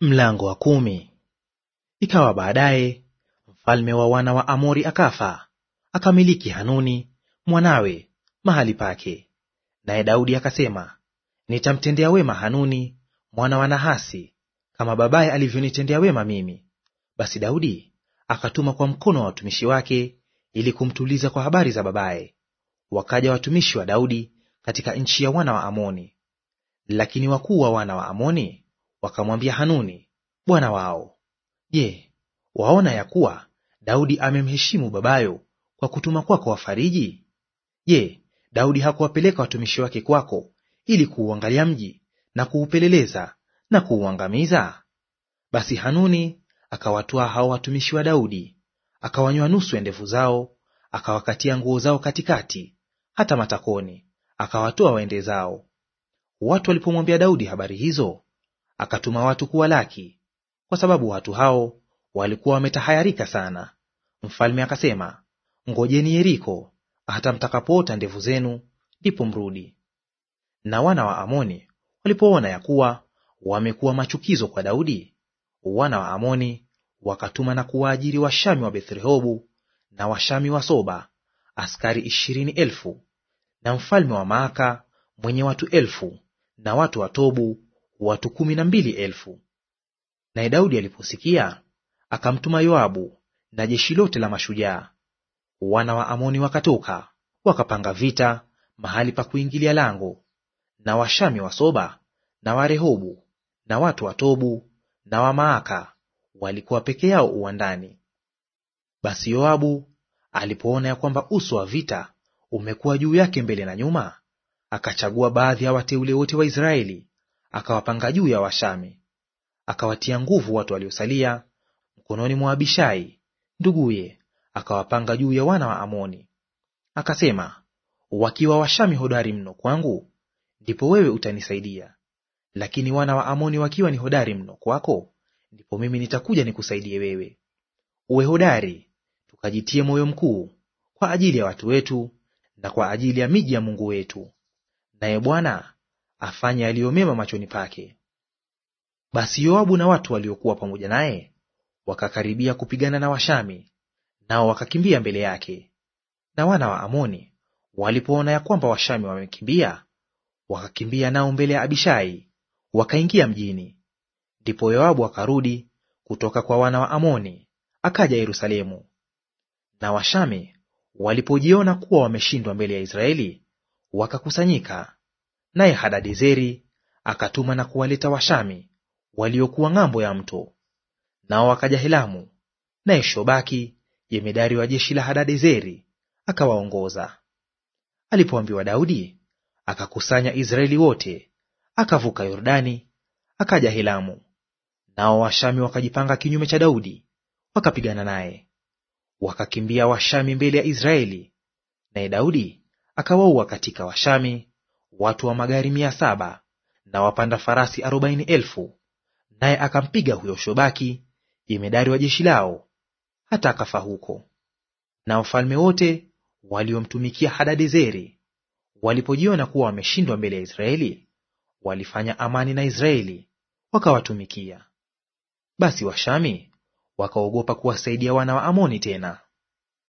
Mlango wa kumi. Ikawa baadaye mfalme wa wana wa Amori akafa, akamiliki Hanuni mwanawe mahali pake. Naye Daudi akasema, nitamtendea wema Hanuni mwana wa Nahasi kama babaye alivyonitendea wema mimi. Basi Daudi akatuma kwa mkono wa watumishi wake ili kumtuliza kwa habari za babaye. Wakaja watumishi wa Daudi katika nchi ya wana wa Amoni, lakini wakuu wa wana wa Amoni wakamwambia Hanuni bwana wao, Je, waona ya kuwa Daudi amemheshimu babayo kwa kutuma kwako wafariji? Je, Daudi hakuwapeleka watumishi wake kwako ili kuuangalia mji na kuupeleleza na kuuangamiza? Basi Hanuni akawatoa hao watumishi wa Daudi, akawanywa nusu ya ndevu zao, akawakatia nguo zao katikati hata matakoni, akawatoa waende zao. Watu walipomwambia Daudi habari hizo, akatuma watu kuwa laki kwa sababu watu hao walikuwa wametahayarika sana. Mfalme akasema, ngojeni Yeriko hata mtakapoota ndevu zenu, ndipo mrudi. Na wana wa Amoni walipoona ya kuwa wamekuwa machukizo kwa Daudi, wana wa Amoni wakatuma na kuwaajiri Washami wa Bethrehobu na Washami wa Soba askari ishirini elfu na mfalme wa Maaka mwenye watu elfu na watu wa Tobu watu kumi na mbili elfu. Naye Daudi aliposikia akamtuma Yoabu na jeshi lote la mashujaa. Wana wa Amoni wakatoka wakapanga vita mahali pa kuingilia lango, na Washami wa Soba na Warehobu na watu wa Tobu na wa Maaka walikuwa peke yao uwandani. Basi Yoabu alipoona ya kwamba uso wa vita umekuwa juu yake mbele na nyuma, akachagua baadhi ya wateule wote wa Israeli akawapanga juu ya Washami, akawatia nguvu watu waliosalia mkononi mwa Abishai nduguye, akawapanga juu ya wana wa Amoni. Akasema, wakiwa Washami hodari mno kwangu, ndipo wewe utanisaidia; lakini wana wa Amoni wakiwa ni hodari mno kwako, ndipo mimi nitakuja nikusaidie wewe. Uwe hodari, tukajitie moyo mkuu kwa ajili ya watu wetu na kwa ajili ya miji ya Mungu wetu, naye Bwana afanye yaliyo mema machoni pake. Basi Yoabu na watu waliokuwa pamoja naye wakakaribia kupigana na Washami, nao wakakimbia mbele yake. Na wana wa Amoni walipoona ya kwamba Washami wamekimbia, wakakimbia nao mbele ya Abishai, wakaingia mjini. Ndipo Yoabu akarudi kutoka kwa wana wa Amoni, akaja Yerusalemu. Na Washami walipojiona kuwa wameshindwa mbele ya Israeli, wakakusanyika Naye Hadadezeri akatuma na kuwaleta Washami waliokuwa ng'ambo ya mto, nao wakaja Helamu, naye Shobaki jemedari wa jeshi la Hadadezeri akawaongoza. Alipoambiwa Daudi, akakusanya Israeli wote, akavuka Yordani, akaja Helamu. Nao Washami wakajipanga kinyume cha Daudi, wakapigana naye. Wakakimbia Washami mbele ya Israeli, naye Daudi akawaua katika Washami watu wa magari mia saba na wapanda farasi arobaini elfu, naye akampiga huyo Shobaki jemedari wa jeshi lao hata akafa huko. Na wafalme wote waliomtumikia Hadadezeri walipojiona kuwa wameshindwa mbele ya Israeli, walifanya amani na Israeli wakawatumikia. Basi Washami wakaogopa kuwasaidia wana wa Amoni tena.